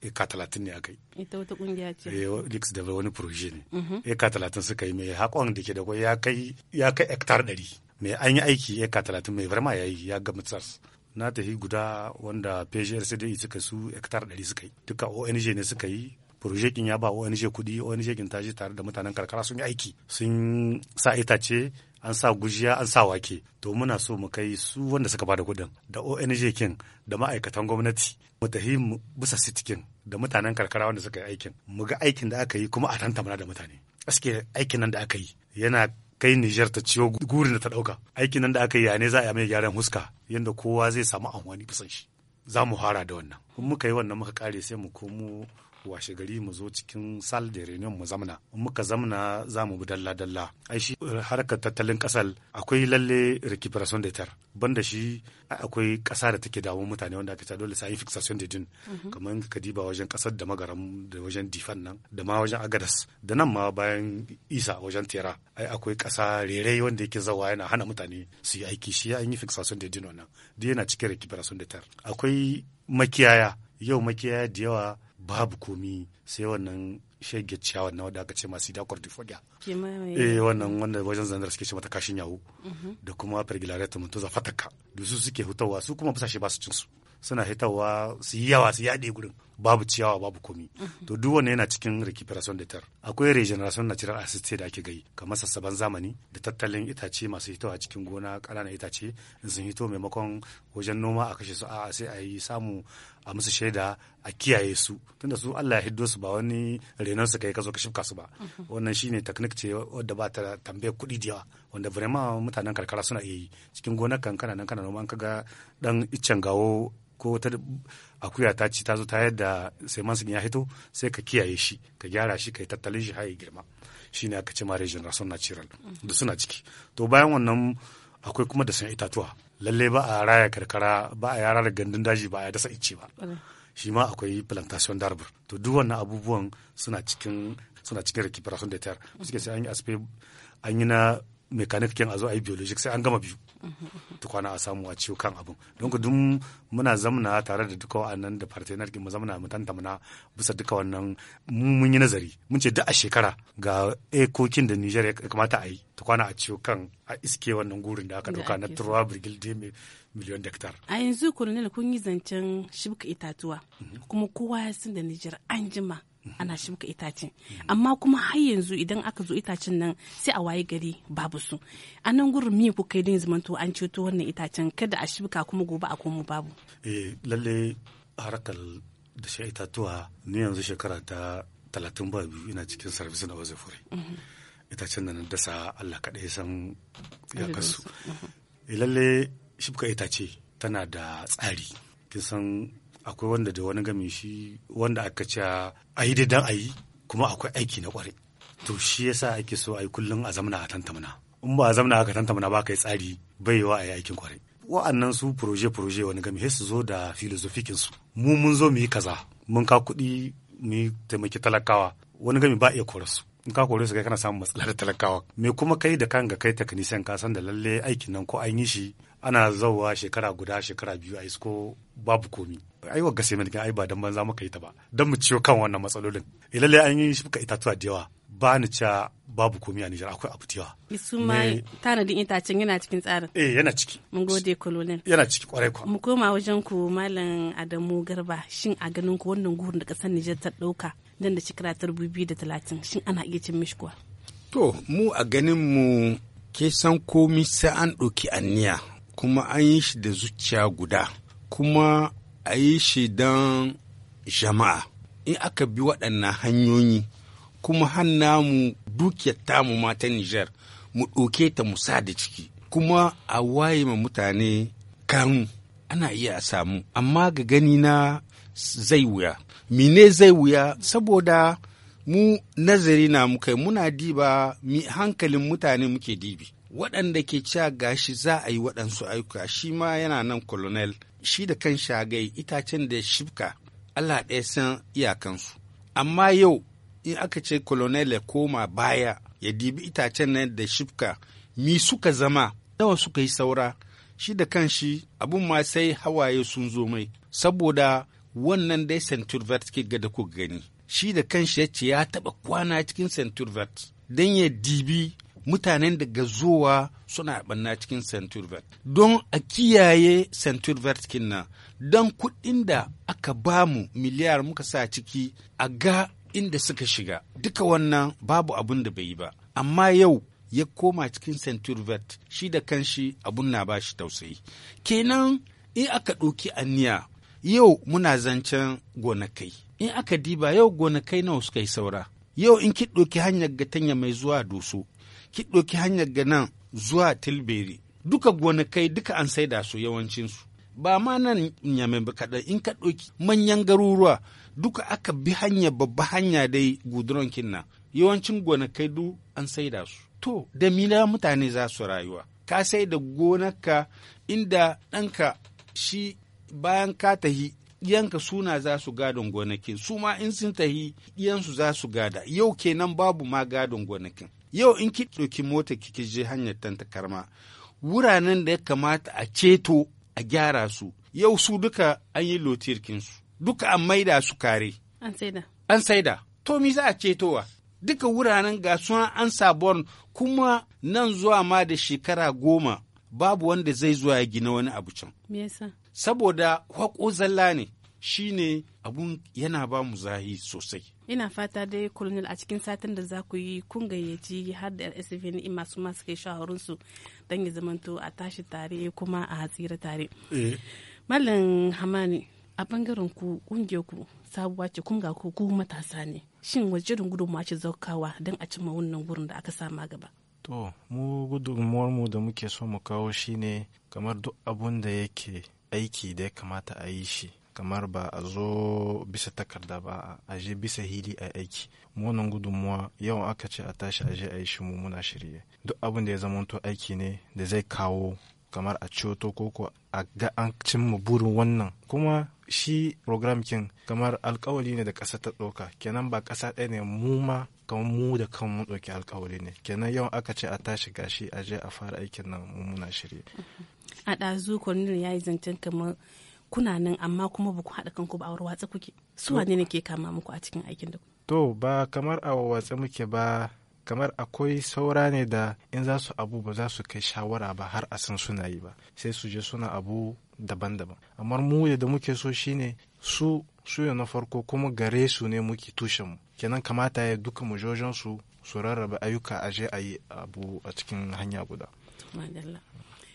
eka talatin ne aka yi ita wata kungiya ce eh leaks development wani proje ne mhm. eka talatin suka yi mai haƙon da ke da kwai ya kai ya kai hectare ɗari mai an yi aiki eka talatin mai barma ya yi ya gama tsars na tafi guda wanda PGRCD e suka su hectare ɗari suka yi duka ONG ne suka yi projekin ya ba ONG kuɗi ONG kin tashi tare da mutanen karkara sun yi aiki sun sa itace an sa gujiya an sa wake to muna so mu kai su wanda suka bada kuɗin da ONG kin da ma'aikatan gwamnati mu tafi bisa sitikin da mutanen karkara wanda suka yi aikin mu ga aikin da aka yi kuma a tantamana da mutane aske aikin nan da aka yi yana kai Nijar ta ciwo gurin da ta ɗauka aikin nan da aka yi ya ne za a yi mai gyaran huska yadda kowa zai samu amfani bisan shi za mu fara da wannan kun muka yi wannan muka kare sai mu komo washe gari mu zo cikin sal da reunion mu zamna in muka zamna za mu bi dalla dalla ai shi eh, harkar tattalin kasal akwai lalle recuperation de terre banda shi akwai kasa da take dawo mutane wanda aka ta dole sai fixation de din mhm. kamar ka diba wajen kasar da magaram da wajen difan nan da ma wajen agadas da nan ma bayan isa wajen tera ai akwai kasa rere wanda yake zawa yana hana mutane su yi aiki shi an yi fixation de din wannan duk yana cikin recuperation de terre akwai makiyaya yau makiyaya da yawa babu komi sai wannan shege ciyawa na wadda aka ce masu da cordifolia eh wannan wanda wajen zandar suke ce mata kashin yawo mhm. da kuma pergilareta mutuza fataka da su suke hutawa su kuma fasashe ba su cin su suna hitawa su yi yawa su yaɗe gurin babu ciyawa babu komi mhm. to duk wannan yana cikin recuperation da tar akwai regeneration natural assist da ake gai kamar sassaban zamani da tattalin itace masu hitowa cikin gona ƙananan itace in sun hito maimakon wajen noma a kashe su a sai a yi samu a musu shaida a kiyaye su tunda su Allah ya hiddo su ba wani renon su kai ka zo ka shifka su ba mhm. wannan shine technique ce wadda ba ta tambayar kuɗi da yawa wanda vraiment mutanen karkara suna iya yi cikin gonar kankana nan kana ka kaga dan iccen gawo ko wata akuya ta ci ta zo ta yadda sai sun ya hito sai ka kiyaye shi ka gyara shi ka yi tattalin shi haye girma shi ne aka ce ma regeneration natural da suna ciki to bayan wannan akwai kuma da san itatuwa lalle ba a raya karkara ba a yara da gandun daji ba a dasa ice ba shi ma akwai plantation Darbar. to duk wannan abubuwan suna cikin suna cikin recuperation da tayar suke sai an yi aspe an yi na mechanic a zo a yi biologic sai an gama biyu tukwana a samu a ciwo kan abin don ku dun muna zamna tare da duka wa'annan da partner mu zamna mu tantamna bisa duka wannan mun yi nazari mun ce duk a shekara ga ekokin da Niger ya kamata a yi tukwana a ciwo kan a iske wannan gurin da aka dauka na Trois Brigade miliyan daktar. A yanzu Colonel kun yi zancen shibka itatuwa mhm. kuma kowa ya san da Niger an jima ana shimka itacen amma kuma har yanzu idan aka zo itacen nan sai a waye gari babu su a nan gurin mi ku kai din zamanto an ceto wannan itacen kada a shimka kuma gobe a komo babu eh lalle harkar da shi itatuwa ni yanzu shekara ta talatin ba biyu ina cikin sarfis na wazafure mhm. itacen nan dasa Allah kaɗai ya san iyakarsu mhm. eh, lalle shibka itace tana da tsari kin san akwai wanda da wani game shi wanda aka ce a yi dan a yi kuma akwai aiki na kware to shi yasa ake so a yi kullum a zamana a tantamana in ba a zamana aka tantamana ba ka yi tsari bai yiwa a yi aikin kware wa'annan su proje proje wani gami sai su zo da filosofikin su mu mun zo mu yi kaza mun ka kuɗi mu yi taimaki talakawa wani gami ba iya korasu in ka kore su kai kana samun matsalar talakawa me kuma kai da kan kanka kai technician ka san da lalle aikin nan ko an yi shi ana zauwa shekara guda shekara biyu a isko babu komi ai wa gase mai ai ba dan banza muka yi ta ba dan mu ciyo kan wannan matsalolin eh, lalle an yi shifka itatuwa da yawa ba ni ca babu komi a Nijar akwai abu da yawa su ma tanadin itacen yana cikin tsarin eh yana ciki mun gode kololin yana ciki kwarai kwa mu koma wajen ku malam Adamu Garba shin a ganin ku wannan gurin da kasar Nijar ta dauka dan da shekara 2030 shin ana iya cin mishi kuwa to mu a ganin mu ke san komi sai an ɗauki anniya kuma an yi shi da zuciya guda kuma a yi shi don jama'a in aka bi waɗannan hanyoyi kuma hannamu dukiyar tamu mata Nijar mu ɗauke ta mu sa da ciki kuma a waye ma mutane kanu ana iya a samu amma ga gani na zai wuya mine zai wuya saboda mu nazari na muka muna diba mi hankalin mutane muke dibi waɗanda ke cewa gashi za a yi waɗansu ayyuka shi ma yana nan colonel shi da kan shagai itacen da shifka Allah ɗaya san iyakansu amma yau in aka ce colonel ya koma baya ya dibi itacen nan da shifka mi suka zama nawa suka yi saura shi da kanshi abun ma sai hawaye sun zo mai saboda wannan dai centurvert ke gada ku gani shi da kanshi ya ce ya taɓa kwana cikin centurvert don ya dibi mutanen daga zuwa suna banna cikin centur don a kiyaye centur vert kinna don kuɗin da aka ba mu miliyar muka sa ciki a ga inda suka shiga duka wannan babu abun da bai yi ba amma yau ya koma cikin centur shi da kanshi abun na ba shi tausayi kenan in aka ɗauki aniya yau muna zancen gonakai in aka diba yau gonakai nawa suka yi saura yau in ki ɗauki hanyar gatanya mai zuwa doso ki ɗauki hanyar ga zuwa tilberi duka gonakai duka an saida su yawancinsu ba ma nan nyame ba kaɗan in ka ɗauki manyan garuruwa duka aka bi hanya babba hanya dai guduron kinna yawancin gonakai du an saida su to da mila mutane za su rayuwa ka sai da gonarka inda ɗanka shi bayan ka tahi yanka suna za su gadon gonakin su ma in sun tahi iyansu za su gada yau kenan babu ma gadon gonakin yau in ki ɗauki mota kiki je hanyar tanta karma wuraren da ya kamata a ceto a gyara su yau su duka an yi lotirkinsu duka an maida su kare an saida an saida to mi za a cetowa duka wuraren suna an sabon kuma nan zuwa ma da shekara goma babu wanda zai zuwa ya gina wani abu can. Saboda hako zalla ne. shi ne abun yana ba mu zahi sosai ina fata dai colonel a cikin satin da za ku yi kun gayyaci har da rsv in masu masu kai shawarunsu don ya zamanto a tashi tare kuma a tsira tare eh. malam hamani a bangaren ku kungiyar ku sabuwa ce kun ga ku matasa ne shin wace irin gudunmawa ce zaukawa don a cimma wannan gurin da aka sama gaba to mu gudunmawar mu da muke so mu kawo shi ne kamar duk abun da yake aiki da ya kamata a yi shi kamar ba a zo bisa takarda ba a je bisa hili a aiki wannan gudunmuwa yawan aka ce a tashi a je a yi shi muna shirye duk abin da ya zamanto aiki ne da zai kawo kamar a coto ko a ga an cimma burin wannan kuma shi program kin kamar alkawali ne da ƙasa ta ɗauka kenan ba ƙasa ɗaya ne mu ma kamar mu da kan mu ɗauki alkawali ne kenan yawan aka ce a tashi gashi a je a fara aikin nan mu muna shirye a ɗazu kwanin ya yi zancen kamar kuna nan amma kuma ba ku haɗa kanku ba a warwatsa kuke su wane ne ke kama muku a cikin aikin da to ba kamar a warwatsa muke ba kamar akwai saura ne da in za su abu ba za su kai shawara ba har a san suna yi ba sai su je suna abu daban-daban amma mu da muke so shine su suya na farko kuma gare su ne muke mu kenan kamata ya duka mujojensu su su rarraba ayyuka a je a yi abu a cikin hanya guda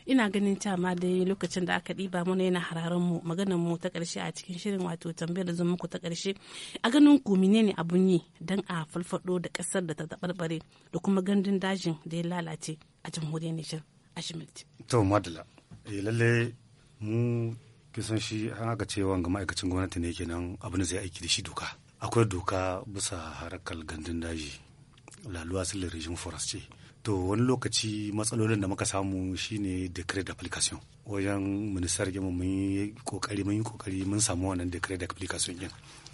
ina ganin ta ma dai lokacin da aka ɗiba mana yana hararin mu maganar mu ta ƙarshe a cikin shirin wato tambayar da zan muku ta ƙarshe a ganin ku menene abun yi don a falfado da ƙasar da ta taɓarɓare da kuma gandun dajin da ya lalace a jamhuriyar Nijar a Shimilti. To madala eh, lalle mu kisan shi an aka ce wanga ma'aikacin gwamnati ne kenan abin zai aiki da shi doka. Akwai doka bisa harakar gandun daji laluwa sun rijin forest ce. to wani lokaci matsalolin da muka samu shine decree application wajen ministar gima mun yi kokari mun yi kokari mun samu wannan decree application din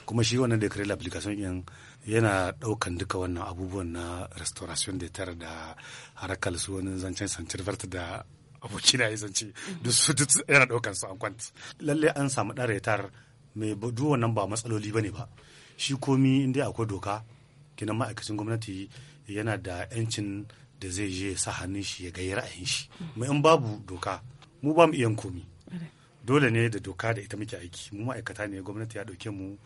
kuma shi wannan decree application din yana daukan duka wannan abubuwan na restoration da tare da harakar su wani zancen santirvert da abokina ya zance duk su duk yana daukan su an kwanta lalle an samu dare retar mai duk wannan ba matsaloli bane ba shi komi inda akwai doka kinan ma'aikacin gwamnati yana da 'yancin da zai je sa hannun shi ya gayi ra'ayin shi mu in babu doka mu ba mu iyan komi dole ne da doka da ita muke aiki mu ma'aikata ne gwamnati ya dauke mu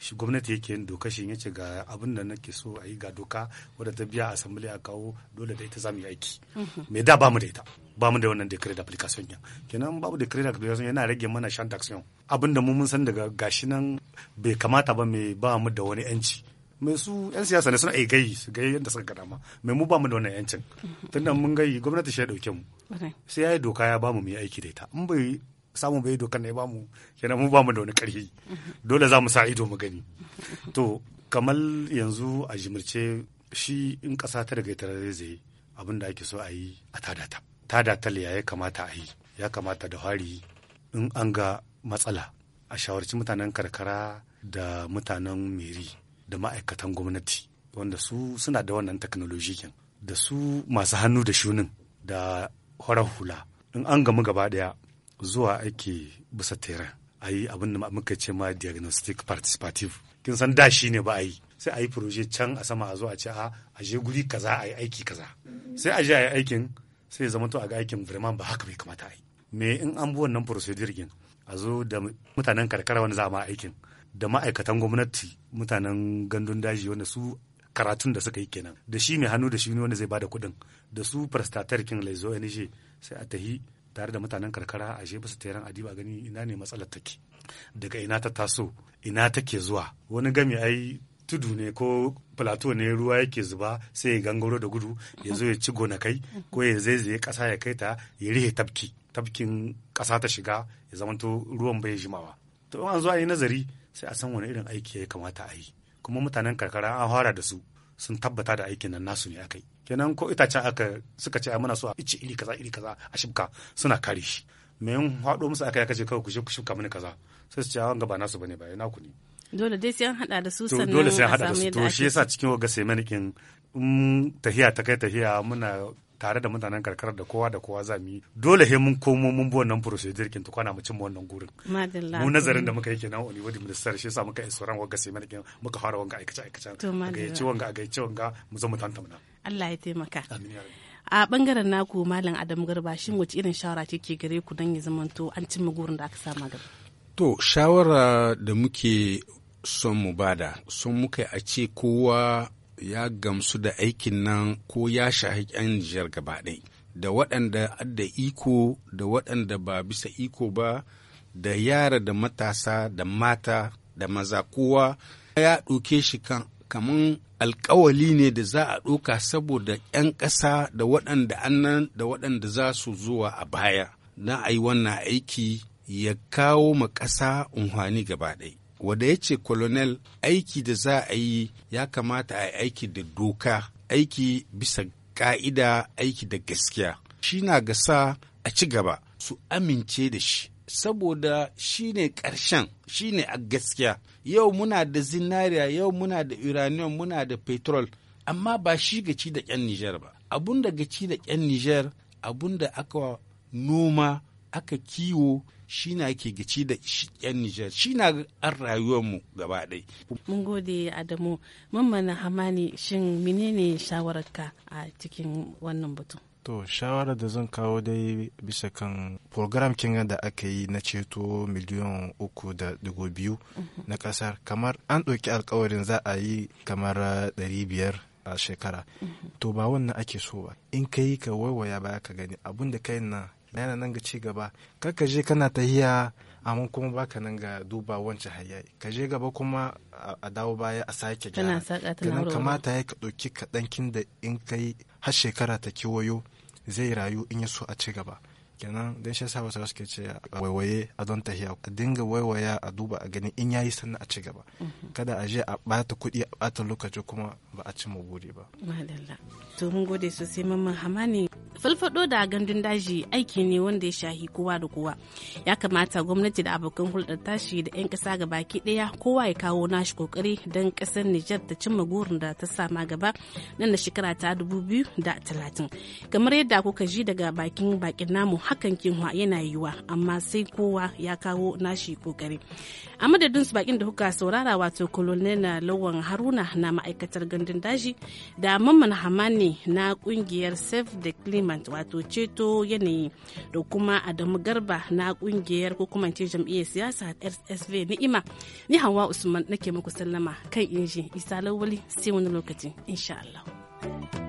shi gwamnati yake yin doka shi yace ga abin da nake so a yi ga doka wadda ta biya assembly a kawo dole da ita za mu yi aiki mhm. me da ba mu da ita ba mu da wannan decree da application ya kenan babu decree da application yana rage mana shan taxation abinda da mu mun san daga gashi nan bai kamata ba me ba mu da wani yanci mai su yan siyasa ne suna gayi su gayi yadda suka gada ma mai mu ba mu da wannan yancin tunda mun gayi gwamnati shi ya dauke mu sai ya yi doka ya ba mu yi aiki da ita in bai samu bai dokan ne ba mu kenan mu ba mu da wani karfi dole za mu sa ido mu gani to kamar yanzu a jimirce shi in ƙasa ta daga ita zai abin da ake so a yi a ta tada ta ya kamata a yi ya kamata da hari in an ga matsala a shawarci mutanen karkara da mutanen meri da ma'aikatan gwamnati wanda su suna da wannan teknolojikin da su masu hannu da shunin da horar hula in an gamu gaba daya zuwa ake bisa tera a yi abin da muka ce ma diagnostic participative kin san da shi ne ba a yi sai a yi proje can a sama a zo a ce a aje guri kaza a yi aiki kaza sai a je a yi aikin sai zama to a ga aikin vraiment ba haka bai kamata a yi me in an bi wannan procedure a zo da mutanen karkara wani za a ma aikin da ma'aikatan gwamnati mutanen gandun daji wanda su karatun da suka yi kenan da shi mai hannu da shi wanda zai bada kuɗin da su prestatar kin laizo nishe sai a tahi tare da mutanen karkara a je basu tayaran adiba gani ina ne matsalar take daga ina ta taso ina take zuwa wani gami ai tudu ne ko plateau ne ruwa yake zuba sai ya gangaro da gudu ya zo ya ci gonakai ko ya zaizaye kasa ya kai ta ya rihe tafki tafkin kasa ta shiga ya zamanto ruwan bai jimawa to an zo a yi nazari sai a san wani irin aiki ya kamata a yi kuma mutanen karkara an fara da su sun tabbata da aikin nan nasu ne aka yi kenan ko itacen aka suka ce a muna so a ice iri kaza iri kaza a shibka suna kare shi me yin haɗo musu aka aka ce kawai ku je ku shibka mini kaza sai su ce wanga ba nasu bane ba ya naku ne dole dai sai an haɗa da su sannan dole sai an da su to shi yasa cikin waga sai manikin in tahiya ta kai tahiya muna tare da mutanen karkarar da kowa da kowa za mu yi dole he mun komo mun bi wannan procedure kin tukwana mu cin wannan gurin mu nazarin da muka yi kenan wani wadi minister shi yasa muka isoran wanga sai mana kenan muka fara wanga aikace aikace ga yace wanga ga yace wanga mu zo mu na. Allah ya taimaka amin a bangaren naku malam Adam Garba shin wace irin shawara kike gare ku dan ya zamanto an cimma gurin da aka sama gaba to shawara da muke son mu bada son muka a ce kowa ya gamsu da aikin nan ko ya shahi 'yan Nijar gaba da waɗanda da iko da waɗanda ba bisa iko ba da yara da matasa da mata da maza kowa ya ɗauke shi kan kaman alkawali ne da za a ɗauka saboda 'yan ƙasa da waɗanda annan da waɗanda za su zuwa a baya na a yi wannan aiki ya kawo ma ƙasa unhwani gaba ɗaya wanda ya ce colonel aiki da za a yi ya kamata a yi aiki da doka aiki bisa ka'ida aiki da gaskiya shi na gasa a ci gaba su amince da shi saboda shi ne ƙarshen shi ne a gaskiya yau muna da zinariya yau muna da uranium muna da petrol amma ba shi gaci da ƙyan Nijar ba abun da gaci da ƙyan Nijar abun da aka noma aka kiwo shi na yake gici da 'yan Nijar shi na an rayuwarmu gaba ɗai. Mun gode Adamu, mamman Hamani shin menene shawararka a cikin wannan batu To shawarar da zan kawo dai bisa kan program kinga da aka yi na ceto miliyan uku da dubu biyu mhm. na kasar kamar an ɗauki alkawarin za a yi kamar uh, ɗari biyar a shekara. Mhm. To ba wannan ake so ba. In ka yi ka waiwaya baya ka gani abun da kai na yana nan ga ci gaba kar ka je kana tahiya amma kuma baka nan ga duba wancan hayayi ka je gaba kuma a dawo baya a sake gyara kana kamata ya ka ɗauki kaɗankin da in kai har shekara ta kewayo zai rayu in ya so a ci gaba kenan don shi yasa wasu suke ce waiwaye a don tahiya a dinga waiwaya a duba a gani in yayi sannan a ci gaba mhm. kada a je a bata kuɗi a bata lokaci kuma ba a ci mu gode ba. Madalla to mun gode sosai mamman hamani. falfado da gandun daji aiki ne wanda ya shahi kowa da kowa ya kamata gwamnati da abokan hulɗar tashi da 'yan ƙasa ga baki ɗaya kowa ya kawo nashi kokari don ƙasar nijar ta cimma gurin da ta sama gaba nan da shekara ta dubu biyu da talatin kamar yadda kuka ji daga bakin bakin namu hakan kinwa yana yiwa amma sai kowa ya kawo nashi kokari a madadin su bakin da kuka saurara wato kolonel na lawan haruna na ma'aikatar gandun daji da mamman hamani na kungiyar save the climate wato ceto yanayi da kuma adamu garba na kungiyar ko kuma ce jam'iyyar siyasa ssv ni'ima ni hawa usman nake muku sallama kan inji isa lawali sai wani lokaci insha allah